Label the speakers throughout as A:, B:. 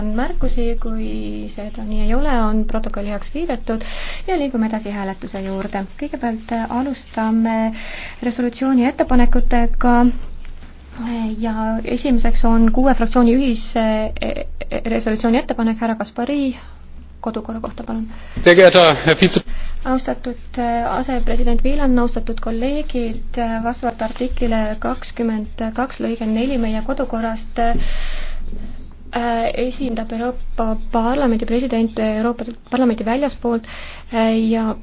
A: on märkusi, kui seda nii ei ole, on protokoll heaks kiidetud ja liigume edasi hääletuse juurde. kõigepealt alustame resolutsiooni ettepanekutega ja esimeseks on kuue fraktsiooni ühisresolutsiooni ettepanek härra Kaspari kodukorra kohta, palun. austatud äh, asepresident Viilan, austatud kolleegid, äh, vastavalt artiklile kakskümmend kaks lõige neli meie kodukorrast äh, Äh, esindab Euroopa Parlamendi president Euroopa Parlamendi väljaspoolt äh, ja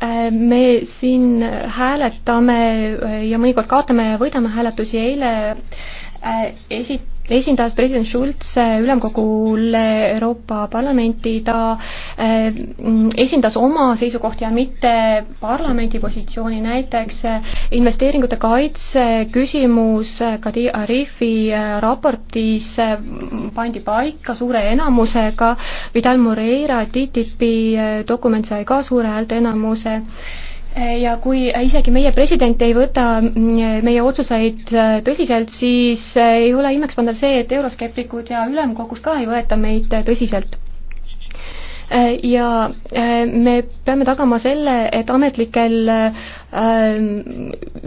A: äh, me siin hääletame ja mõnikord kaotame ja võidame hääletusi, eile esit-, esindas president Schulz ülemkogul Euroopa Parlamenti, ta äh, esindas oma seisukohti ja mitte parlamendi positsiooni, näiteks äh, investeeringute kaitse küsimus äh, Kadi Arifi raportis pandi paika suure enamusega, Vidal Moreira TTIP-i dokument sai ka suure häälteenamuse ja kui isegi meie president ei võta mm, meie otsuseid äh, tõsiselt, siis äh, ei ole imekspandav see, et euroskeptikud ja ülemkogus ka ei võeta meid äh, tõsiselt. ja me peame tagama selle, et ametlikel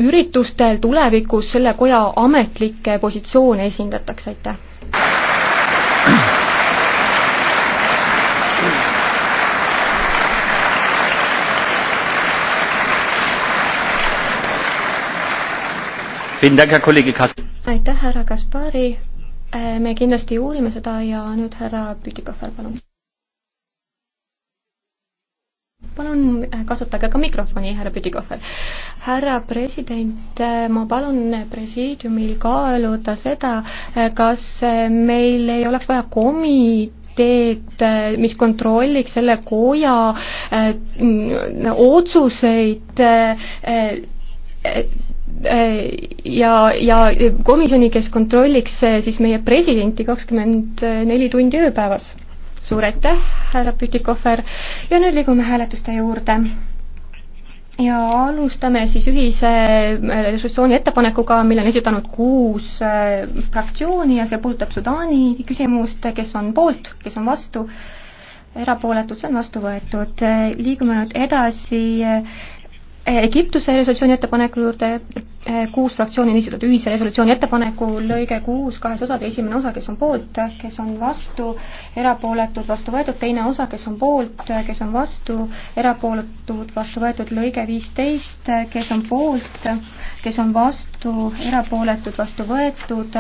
A: üritustel tulevikus selle koja ametlikke positsioone esindatakse, aitäh! aitäh, härra Kaspari. Äh, me kindlasti uurime seda ja nüüd härra Pütikofer, palun. palun äh, kasutage ka mikrofoni, härra Pütikofer. härra president, äh, ma palun presiidiumil kaaluda seda, kas meil ei oleks vaja komid teed, mis kontrolliks selle koja öö, otsuseid öö, öö, Äh, ja, ja komisjoni, kes kontrolliks äh, siis meie presidenti kakskümmend neli tundi ööpäevas. suur aitäh, härra Pütikohver, ja nüüd liigume hääletuste juurde ja alustame siis ühise äh, resolutsiooni ettepanekuga, mille on esitanud kuus fraktsiooni ja see puudutab Sudaani küsimust, kes on poolt, kes on vastu, erapooletud, see on vastu võetud. liigume nüüd edasi Egiptuse resolutsiooni ettepaneku juurde, kuus fraktsiooni on esitatud ühise resolutsiooni ettepaneku, lõige kuus kahes osas, esimene osa, kes on poolt, kes on vastu, erapooletud, vastu võetud, teine osa, kes on poolt, kes on vastu, erapooletud, vastu võetud, lõige viisteist, kes on poolt, kes on vastu, erapooletud, vastu võetud,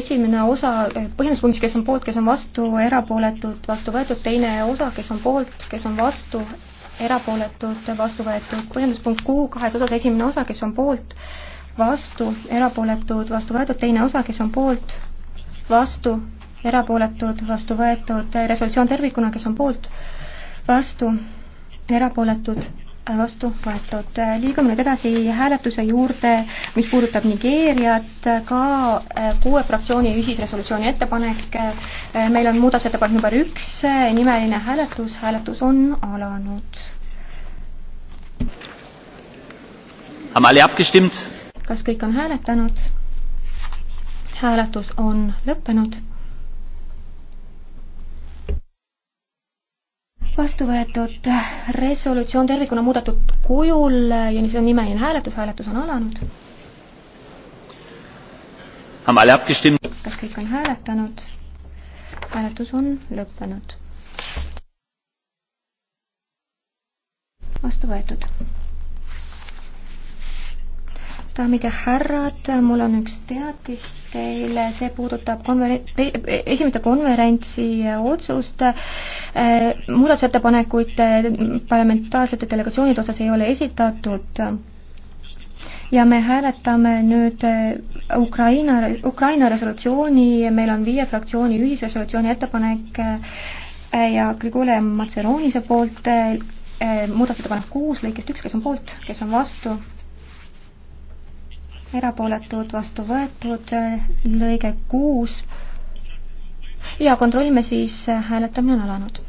A: esimene osa põhjenduspunktis, kes on poolt, kes on vastu, erapooletud, vastu võetud, teine osa, kes on poolt, kes on vastu, erapooletud, vastu võetud. põhjenduspunkt Q kahes osas, esimene osa, kes on poolt, vastu, erapooletud, vastu võetud, teine osa, kes on poolt, vastu, erapooletud, vastu võetud. resolutsioon tervikuna, kes on poolt, vastu, erapooletud, vastu võetud. liigume nüüd edasi hääletuse juurde, mis puudutab Nigeeriat, ka eh, kuue fraktsiooni ühisresolutsiooni ettepanek. Eh, meil on muudatusettepanek number üks, eh, nimeline hääletus, hääletus on alanud. kas kõik on hääletanud? hääletus on lõppenud vastu võetud resolutsioon tervikuna muudetud kujul ja see on nimeline hääletus, hääletus on alanud. kas kõik on hääletanud? hääletus on lõppenud. vastu võetud daamid ja härrad, mul on üks teatis teile, see puudutab konveren-, esimeste konverentsi otsust. muudatusettepanekuid parlamentaarsete delegatsioonide osas ei ole esitatud. ja me hääletame nüüd Ukraina, Ukraina resolutsiooni, meil on viie fraktsiooni ühisresolutsiooni ettepanek ja Grigole Matseroonise poolt muudatusettepanek kuus lõikest üks, kes on poolt, kes on vastu erapooletud, vastu võetud, lõige kuus. ja kontrollime siis, hääletamine on alanud.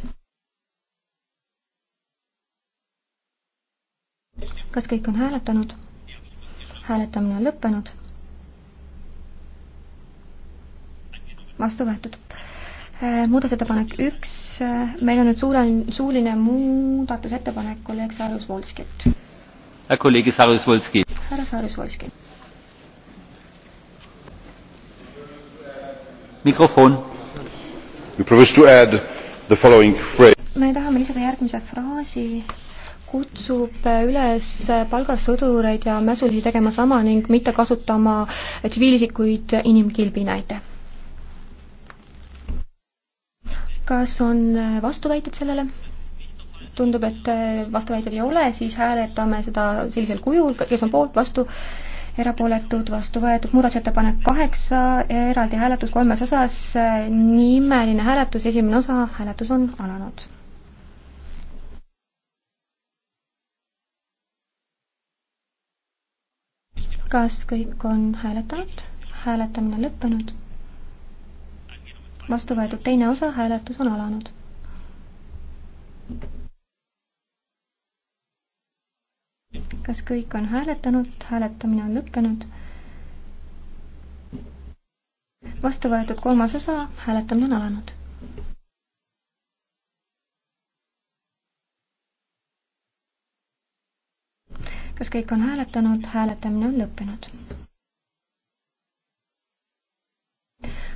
A: kas kõik on hääletanud? hääletamine on lõppenud. vastu võetud. Äh, muudatusettepanek üks, äh, meil on nüüd suure, suuline muudatusettepanek kolleeg Sarjus Volskilt.
B: Äh, kolleeg Sarjus Volski.
A: härra Sarjus Volski me tahame lisada järgmise fraasi kutsub äh, üles äh, palgasõdureid ja mässulisi tegema sama ning mitte kasutama äh, tsiviilisikuid inimkilbina, aitäh. kas on vastuväited sellele? tundub, et vastuväiteid ei ole, siis hääletame seda sellisel kujul, kes on poolt, vastu, erapooletud, vastu võetud, muudatusettepanek kaheksa, eraldi hääletus kolmes osas, nimeline hääletus, esimene osa, hääletus on alanud. kas kõik on hääletanud? hääletamine lõppenud. vastu võetud teine osa, hääletus on alanud. kas kõik on hääletanud, hääletamine on lõppenud. vastu võetud kolmas osa, hääletamine on alanud. kas kõik on hääletanud, hääletamine on lõppenud.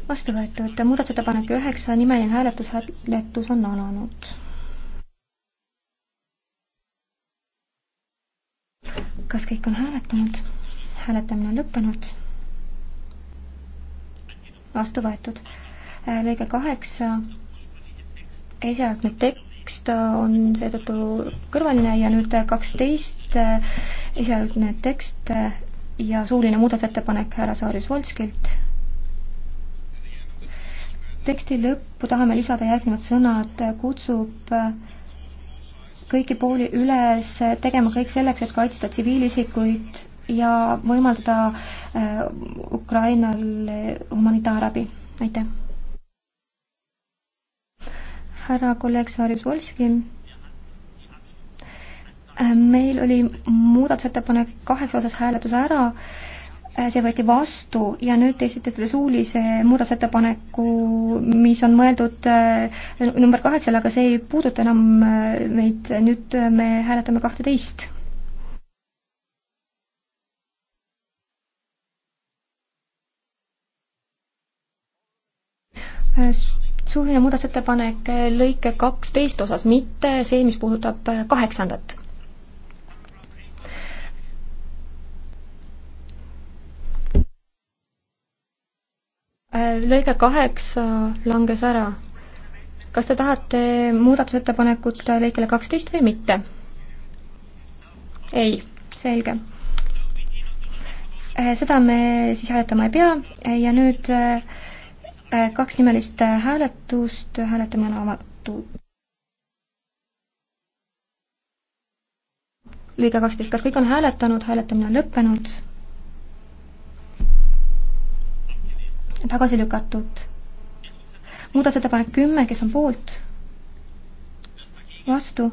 A: vastu võetud muudatusettepanek üheksa, nimeline hääletus, hääletus on alanud kas kõik on hääletanud? hääletamine on lõppenud. vastu võetud. Äh, lõige kaheksa, esialgne tekst äh, on seetõttu kõrvaline ja nüüd äh, kaksteist, esialgne tekst ja suuline muudatusettepanek härra Saaris Volskilt. teksti lõppu tahame lisada järgnevad sõnad, kutsub äh, kõiki pooli üles tegema kõik selleks, et kaitsta tsiviilisikuid ja võimaldada äh, Ukrainal humanitaarabi. aitäh. härra kolleeg Saarjus Volski. Äh, meil oli muudatusettepanek kaheksa osas hääletus ära Äh, see võeti vastu ja nüüd te esitate suulise muudatusettepaneku, mis on mõeldud äh, number kaheksale, aga see ei puuduta enam äh, meid, nüüd me hääletame kahteteist. suuline muudatusettepanek lõike kaksteist osas, mitte see, mis puudutab kaheksandat Äh, lõige kaheksa äh, langes ära. kas te tahate muudatusettepanekut äh, lõikele kaksteist või mitte? ei, selge. seda me siis hääletama ei pea ja nüüd kaks nimelist hääletust, hääletamine on avatud. lõige kaksteist, kas kõik on hääletanud, hääletamine on lõppenud tagasi lükatud. muudatusettepanek kümme, kes on poolt? vastu?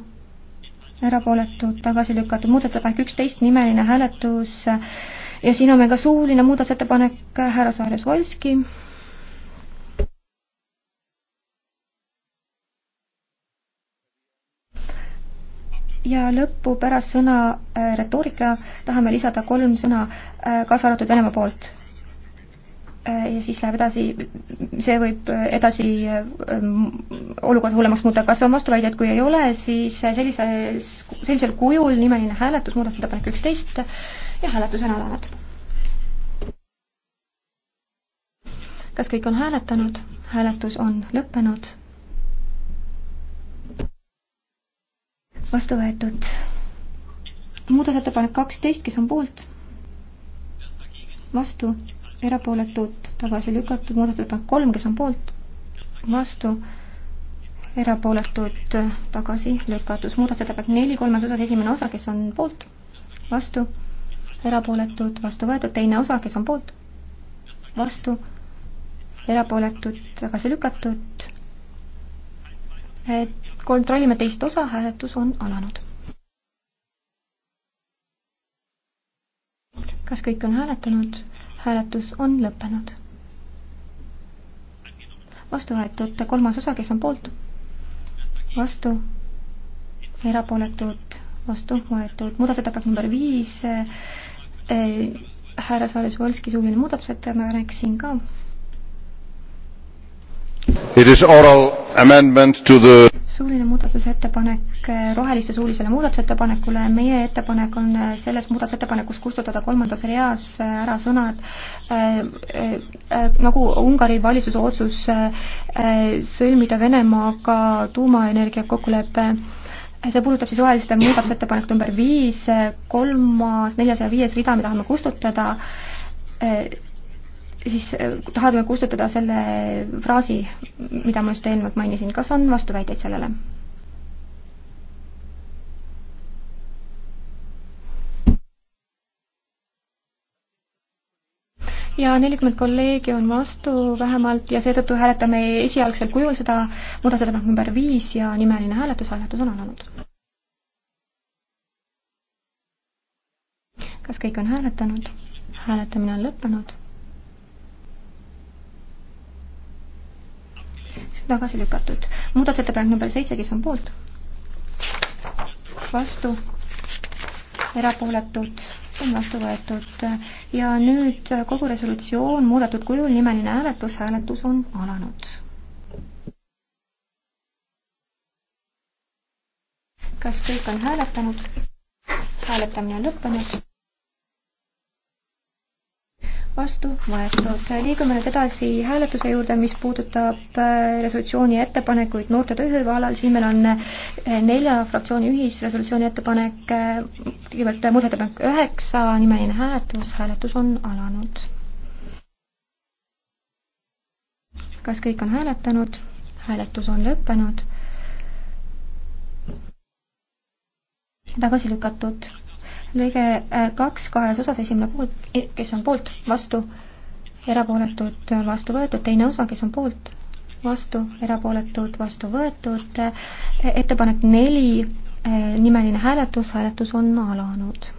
A: erapooletud, tagasi lükatud, muudatusettepanek üksteist, nimeline hääletus ja siin on meil ka suuline muudatusettepanek härra Saarjas-Volski. ja lõppu pärast sõna äh, retoorika tahame lisada kolm sõna, äh, kaasa arvatud Venemaa poolt ja siis läheb edasi, see võib edasi ähm, olukorda hullemaks muuta, kas on vastuväidet, kui ei ole, siis sellises, sellisel kujul nimeline hääletus, muudatusettepanek üksteist ja hääletus on alanud. kas kõik on hääletanud? hääletus on lõppenud. vastu võetud muudatusettepanek kaksteist, kes on poolt? vastu erapooletud, tagasi lükatud, muudatusettepanek kolm, kes on poolt, vastu, erapooletud, tagasi lükatud, muudatusettepanek neli, kolmes osas esimene osa, kes on poolt, vastu, erapooletud, vastu võetud, teine osa, kes on poolt, vastu, erapooletud, tagasi lükatud, kontrollime teist osa, hääletus on alanud kas kõik on hääletanud? hääletus on lõppenud. vastu võetud kolmas osa, kes on poolt? vastu, erapooletud, vastu võetud, muudatusettepanek number viis äh,, härra Saarjas-Volski suuline muudatusettepanek siin ka.
B: It is oral amendment to the
A: suuline muudatusettepanek eh, roheliste suulisele muudatusettepanekule. meie ettepanek on eh, selles muudatusettepanekus kustutada kolmandas reas eh, ära sõnad äh, äh, nagu Ungari valitsuse otsus äh, sõlmida Venemaaga tuumaenergia kokkulepe see puudutab siis roheliste muudatusettepanek number viis, kolmas, neljas ja viies rida, mida tahame kustutada siis äh, tahame kustutada selle fraasi, mida ma just eelnevalt mainisin, kas on vastuväiteid sellele? ja nelikümmend kolleegi on vastu vähemalt ja seetõttu hääletame esialgsel kujul seda muudatusettepanek number viis ja nimeline hääletus, hääletus on alanud. kas kõik on hääletanud? hääletamine on lõppenud tagasi lükatud. muudatusettepanek number seitse, kes on poolt? vastu? erapooletud? on vastu võetud ja nüüd kogu resolutsioon muudetud kujul, nimeline hääletus, hääletus on alanud. kas kõik on hääletanud? hääletamine on lõppenud vastu võetud. liigume nüüd edasi hääletuse juurde, mis puudutab äh, resolutsiooni ettepanekuid noorte tööhõive alal. siin meil on äh, nelja fraktsiooni ühisresolutsiooni ettepanek, äh, kõigepealt muudatusettepanek üheksa, nimeline hääletus, hääletus on alanud. kas kõik on hääletanud? hääletus on lõppenud. tagasi lükatud lõige äh, kaks kahes osas, esimene poolt, e, kes on poolt, vastu, erapooletud, vastu võetud, teine osa, kes on poolt, vastu, erapooletud, vastu võetud, äh, ettepanek neli, äh, nimeline hääletus, hääletus on alanud.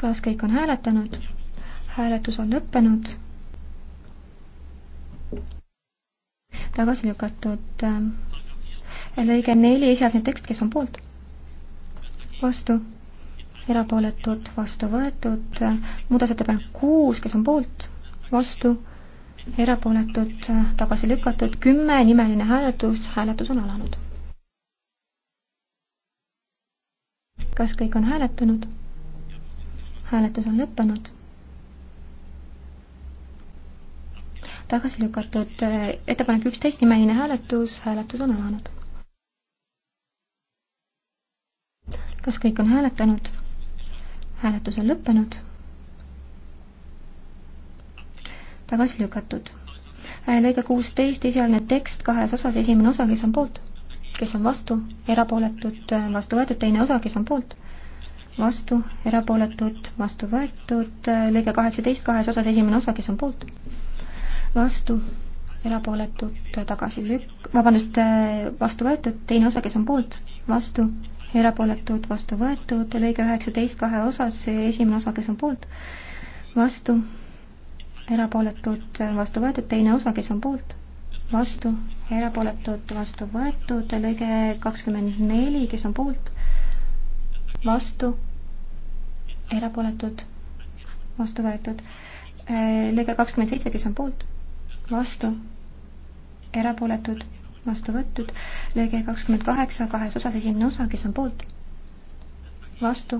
A: kas kõik on hääletanud? hääletus on lõppenud. tagasi lükatud lõige neli, esialgne tekst, kes on poolt? vastu, erapooletud, vastu võetud, muudatusettepanek kuus, kes on poolt? vastu, erapooletud, tagasi lükatud, kümme, nimeline hääletus, hääletus on alanud. kas kõik on hääletanud? hääletus on lõppenud tagasi lükatud ettepanek üksteist nimeline hääletus, hääletus on alanud. kas kõik on hääletanud? hääletus on lõppenud. tagasi lükatud. Äh, lõige kuusteist, esialgne tekst kahes osas, esimene osa, kes on poolt, kes on vastu, erapooletud, äh, vastu võetud, teine osa, kes on poolt, vastu, erapooletud, vastu võetud, äh, lõige kaheksateist, kahes osas, esimene osa, kes on poolt, vastu, erapooletud, tagasi lükk-, vabandust, vastu võetud, teine osa, kes on poolt, vastu, erapooletud, vastu võetud, lõige üheksateist kahe osas, esimene osa, kes on poolt, vastu, erapooletud, vastu võetud, teine osa, kes on poolt, vastu, erapooletud, vastu võetud, lõige kakskümmend neli, kes on poolt, vastu, erapooletud, vastu võetud, lõige kakskümmend seitse, kes on poolt, vastu, erapooletud vastu võetud, lõige kakskümmend kaheksa kahes osas, esimene osa, kes on poolt, vastu,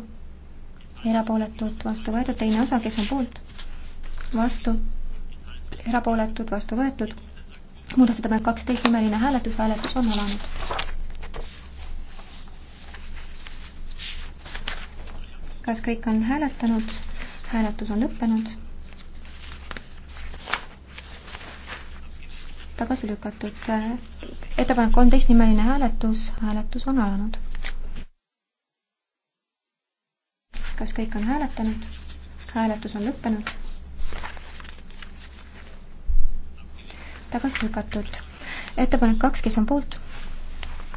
A: erapooletud, vastu võetud, teine osa, kes on poolt, vastu, erapooletud, vastu võetud, muudatusettepanek kaksteist, nimeline hääletus, hääletus on alanud. kas kõik on hääletanud? hääletus on lõppenud tagasi lükatud. ettepanek kolmteist nimeline hääletus, hääletus on alanud. kas kõik on hääletanud? hääletus on lõppenud. tagasi lükatud. ettepanek kaks, kes on poolt?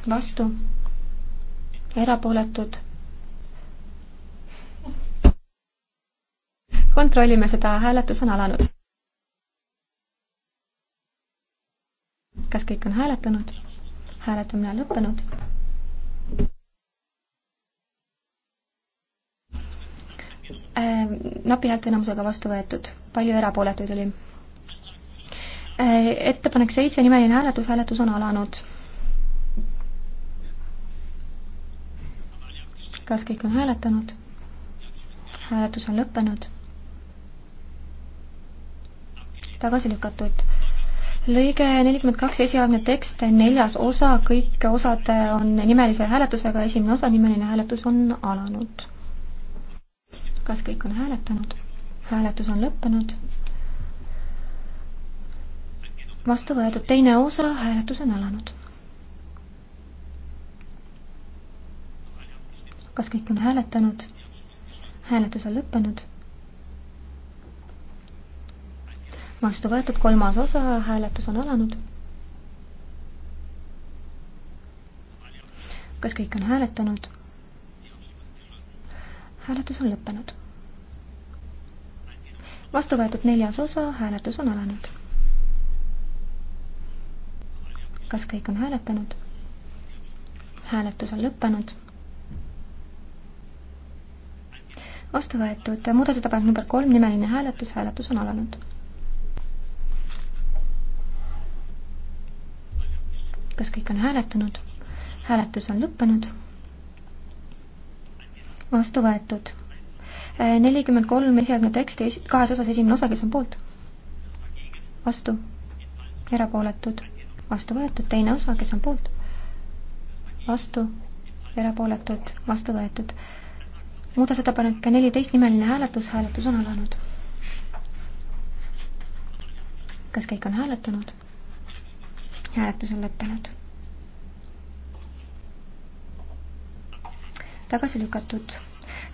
A: vastu? erapooletud? kontrollime seda, hääletus on alanud. kõik on hääletanud, hääletamine on lõppenud. Äh, napi häälteenamusega vastu võetud, palju erapooletuid oli? Äh, ettepanek seitse, nimeline hääletus, hääletus on alanud. kas kõik on hääletanud? hääletus on lõppenud. tagasi lükatud lõige nelikümmend kaks, esialgne tekst, neljas osa, kõik osad on nimelise hääletusega, esimene osa, nimeline hääletus on alanud. kas kõik on hääletanud? hääletus on lõppenud. vastu võetud teine osa, hääletus on alanud. kas kõik on hääletanud? hääletus on lõppenud vastu võetud kolmas osa, hääletus on alanud. kas kõik on hääletanud? hääletus on lõppenud. vastu võetud neljas osa, hääletus on alanud. kas kõik on hääletanud? hääletus on lõppenud vastu võetud. muudatusettepanek number kolm, nimeline hääletus, hääletus on alanud. kas kõik on hääletanud? hääletus on lõppenud. vastu võetud. Äh, nelikümmend kolm esialgne tekst kahes osas esimene osa, kes on poolt? vastu. erapooletud. vastu võetud, teine osa, kes on poolt? vastu. erapooletud, vastu võetud. muudatusettepanek neliteist nimeline hääletus, hääletus on alanud. kas kõik on hääletanud? hääletus on lõppenud. tagasi lükatud.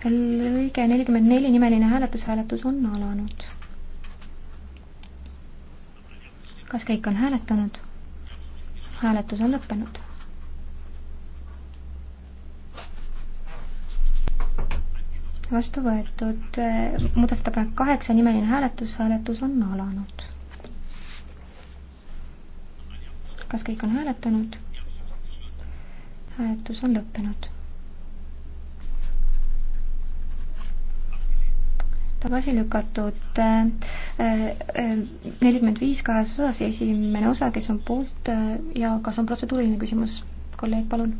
A: lõige nelikümmend neli nimeline hääletus, hääletus on alanud. kas kõik on hääletanud? hääletus on lõppenud. vastu võetud muudatusettepanek kaheksa nimeline hääletus, hääletus on alanud kas kõik on hääletanud? hääletus on lõppenud. tagasi lükatud äh, äh, nelikümmend viis kahes osas, esimene osa, kes on poolt äh, ja kas on protseduuriline küsimus?
B: kolleeg, palun.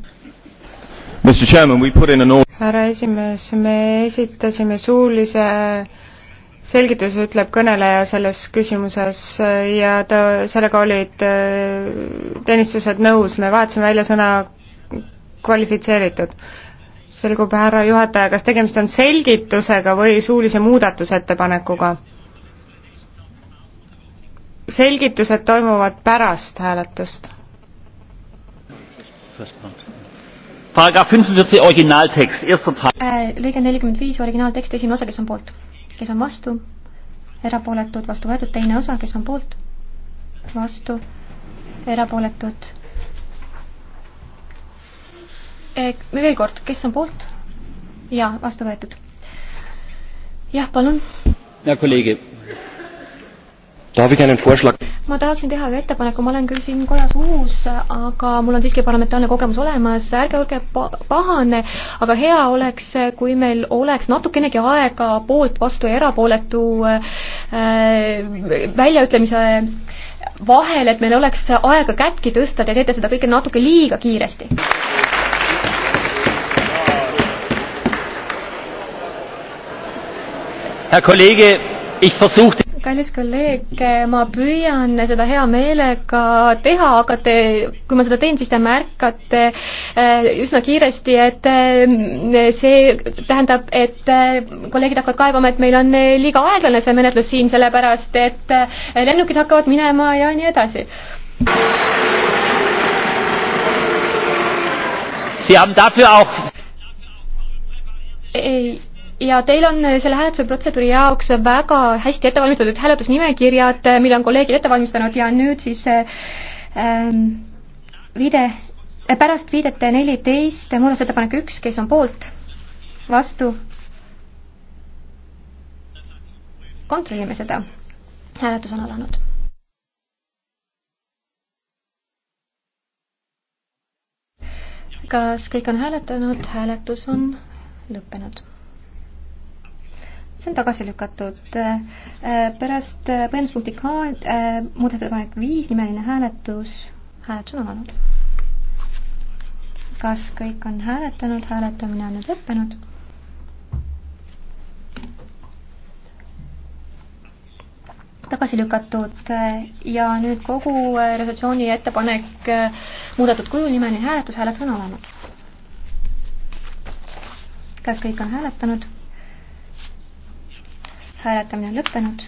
B: härra esimees, me esitasime suulise selgitus ütleb kõneleja selles küsimuses äh, ja ta, sellega olid äh, teenistused nõus, me vahetasime välja sõna kvalifitseeritud. selgub härra juhataja, kas tegemist on selgitusega või suulise muudatusettepanekuga? selgitused toimuvad pärast hääletust. Äh, lõige nelikümmend
A: viis originaaltekst, esimene osa, kes on poolt? kes on vastu, erapooletud, vastu võetud, teine osa, kes on poolt, vastu, erapooletud. E, veel kord, kes on poolt? jaa, vastu võetud. jah, palun.
B: hea kolleeg ma
A: tahaksin teha ühe ettepaneku, ma olen küll siin kojas uus, aga mul on siiski parlamentaarne kogemus olemas, ärge olge pahane, aga hea oleks, kui meil oleks natukenegi aega poolt, vastu ja erapooletu äh, väljaütlemise vahel, et meil oleks aega kätki tõsta, te teete seda kõike natuke liiga kiiresti.
B: Herr Kollege, ich versuchte
A: kallis kolleeg, ma püüan seda hea meelega teha, aga te, kui ma seda teen, siis te märkate äh, üsna kiiresti, et äh, see tähendab, et äh, kolleegid hakkavad kaebama, et meil on liiga aeglane see menetlus siin, sellepärast et lennukid hakkavad minema ja nii edasi.
B: Sie haben dafür auch
A: ei ja teil on eh, selle hääletuse protseduuri jaoks väga hästi ette valmistatud hääletusnimekirjad, eh, mille on kolleegid ette valmistanud ja nüüd siis ähm, viide, pärast viidet neliteist muudatusettepanek üks, kes on poolt, vastu. kontrollime seda, hääletus on alanud kas kõik on hääletanud, hääletus on lõppenud see on tagasi lükatud. Äh, pärast äh, põhjenduspunkti K äh, muudatusettepanek viis, nimeline hääletus, hääletus on alanud. kas kõik on hääletanud, hääletamine on nüüd lõppenud? tagasi lükatud ja nüüd kogu resolutsiooni ettepanek muudetud kujul nimeline hääletus, hääletus on alanud. kas kõik on hääletanud? hääletamine on lõppenud.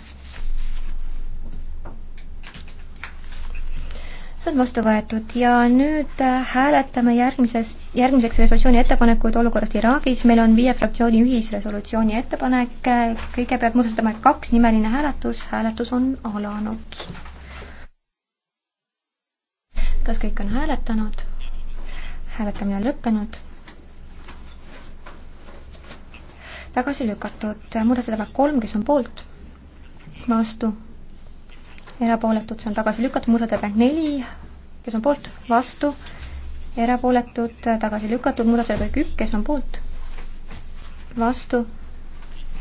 A: see on vastu võetud ja nüüd äh, hääletame järgmises, järgmiseks resolutsiooni ettepanekuid olukorrast Iraagis. meil on viie fraktsiooni ühisresolutsiooni ettepanek. Äh, kõigepealt muudatusettepanek kaks, nimeline hääletus. hääletus on alanud. kas kõik on hääletanud? hääletamine on lõppenud tagasi lükatud muudatusettepanek kolm, kes on poolt, vastu, erapooletud, see on tagasi lükatud, muudatusettepanek neli, kes on poolt, vastu, erapooletud, tagasi lükatud, muudatusettepanek üks, kes on poolt, vastu,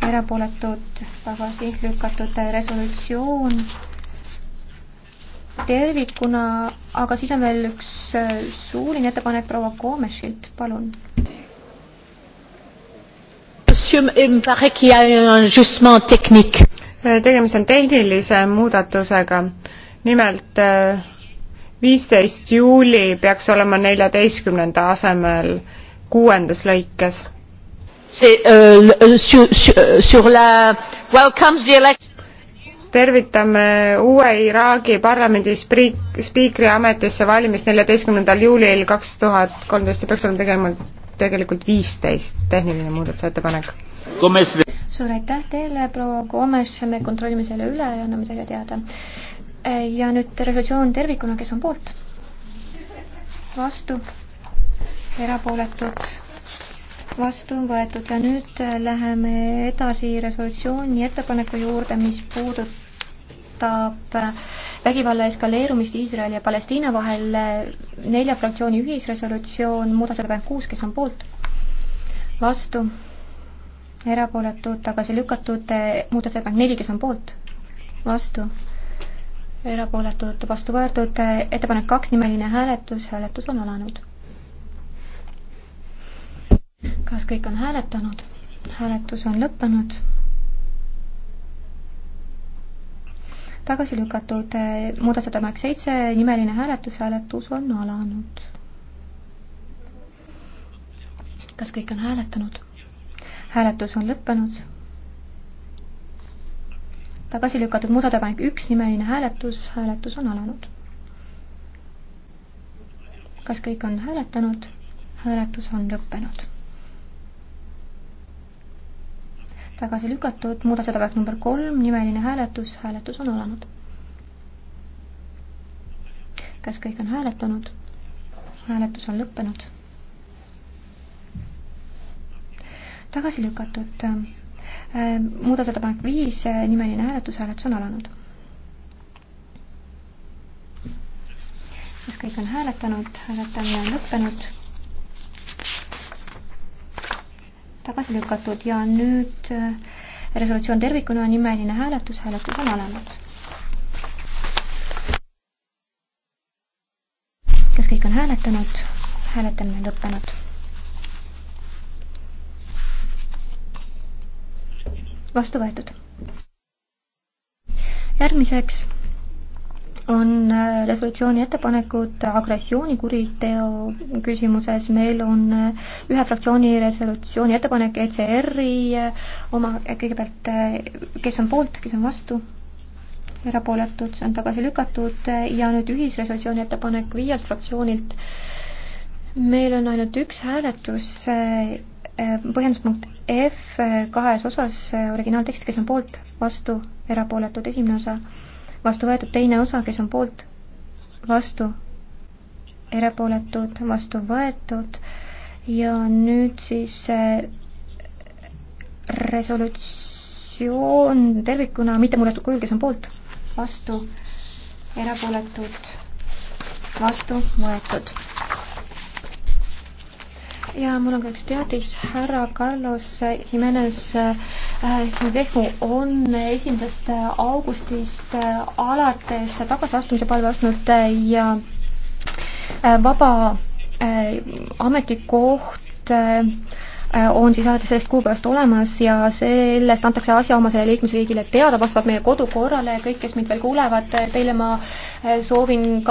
A: erapooletud, tagasi lükatud, resolutsioon tervikuna, aga siis on veel üks äh, suuline ettepanek proua Koomesilt, palun
B: Euh, tegemist on tehnilise muudatusega. nimelt äh, viisteist juuli peaks olema neljateistkümnenda asemel kuuendas lõikes. Euh, euh, tervitame uue Iraagi parlamendi spiikri ametisse valimist neljateistkümnendal juulil kaks tuhat kolmteist ja peaks olema tegelikult tegelikult viisteist, tehniline muudatusettepanek.
A: suur aitäh teile, proua Gomes, me kontrollime selle üle ja anname teile teada. ja nüüd resolutsioon tervikuna, kes on poolt? vastu? erapooletud? vastu on võetud ja nüüd läheme edasi resolutsiooni ettepaneku juurde, mis puudutab vägivalla eskaleerumist Iisraeli ja Palestiina vahel, nelja fraktsiooni ühisresolutsioon, muudatusettepanek kuus, kes on poolt? vastu? erapooletud, tagasi lükatud, muudatusettepanek neli, kes on poolt? vastu? erapooletud, vastu võetud, ettepanek kaks, nimeline hääletus, hääletus on alanud. kas kõik on hääletanud? hääletus on lõppenud tagasi lükatud eh, muudatusettepanek seitse, nimeline hääletus, hääletus on alanud. kas kõik on hääletanud? hääletus on lõppenud. tagasi lükatud muudatusettepanek üks, nimeline hääletus, hääletus on alanud. kas kõik on hääletanud? hääletus on lõppenud tagasi lükatud, muudatusettepanek number kolm, nimeline hääletus, hääletus on alanud. kas kõik on hääletanud? hääletus on lõppenud. tagasi lükatud äh, muudatusettepanek viis, nimeline hääletus, hääletus on alanud. kas kõik on hääletanud, hääletamine on lõppenud tagasi lükatud ja nüüd äh, resolutsioon tervikuna on nimeline hääletus, hääletus on alanud. kas kõik on hääletanud? hääletamine lõppenud. vastu võetud. järgmiseks on äh, resolutsiooni ettepanekud agressioonikuriteo küsimuses, meil on äh, ühe fraktsiooni resolutsiooni ettepanek ECR-i äh, oma kõigepealt, kes on poolt, kes on vastu, erapooletud, see on tagasi lükatud ja nüüd ühisresolutsiooni ettepanek viielt fraktsioonilt. meil on ainult üks hääletus, põhjenduspunkt F kahes osas, originaaltekst, kes on poolt, vastu, erapooletud, esimene osa vastu võetud teine osa, kes on poolt, vastu, erapooletud, vastu võetud ja nüüd siis eh, resolutsioon tervikuna, mitte muudetud kujul, kes on poolt, vastu, erapooletud, vastu võetud ja mul on ka üks teadis, härra Carlos Jimenez Tehmu äh, on esimesest äh, augustist äh, alates tagasiastumise palve ostnud ja vaba ametikoht on siis alates sellest kuupäevast olemas ja sellest antakse asjaomasele liikmesriigile teada vastavalt meie kodukorrale ja kõik, kes mind veel kuulevad, teile ma soovin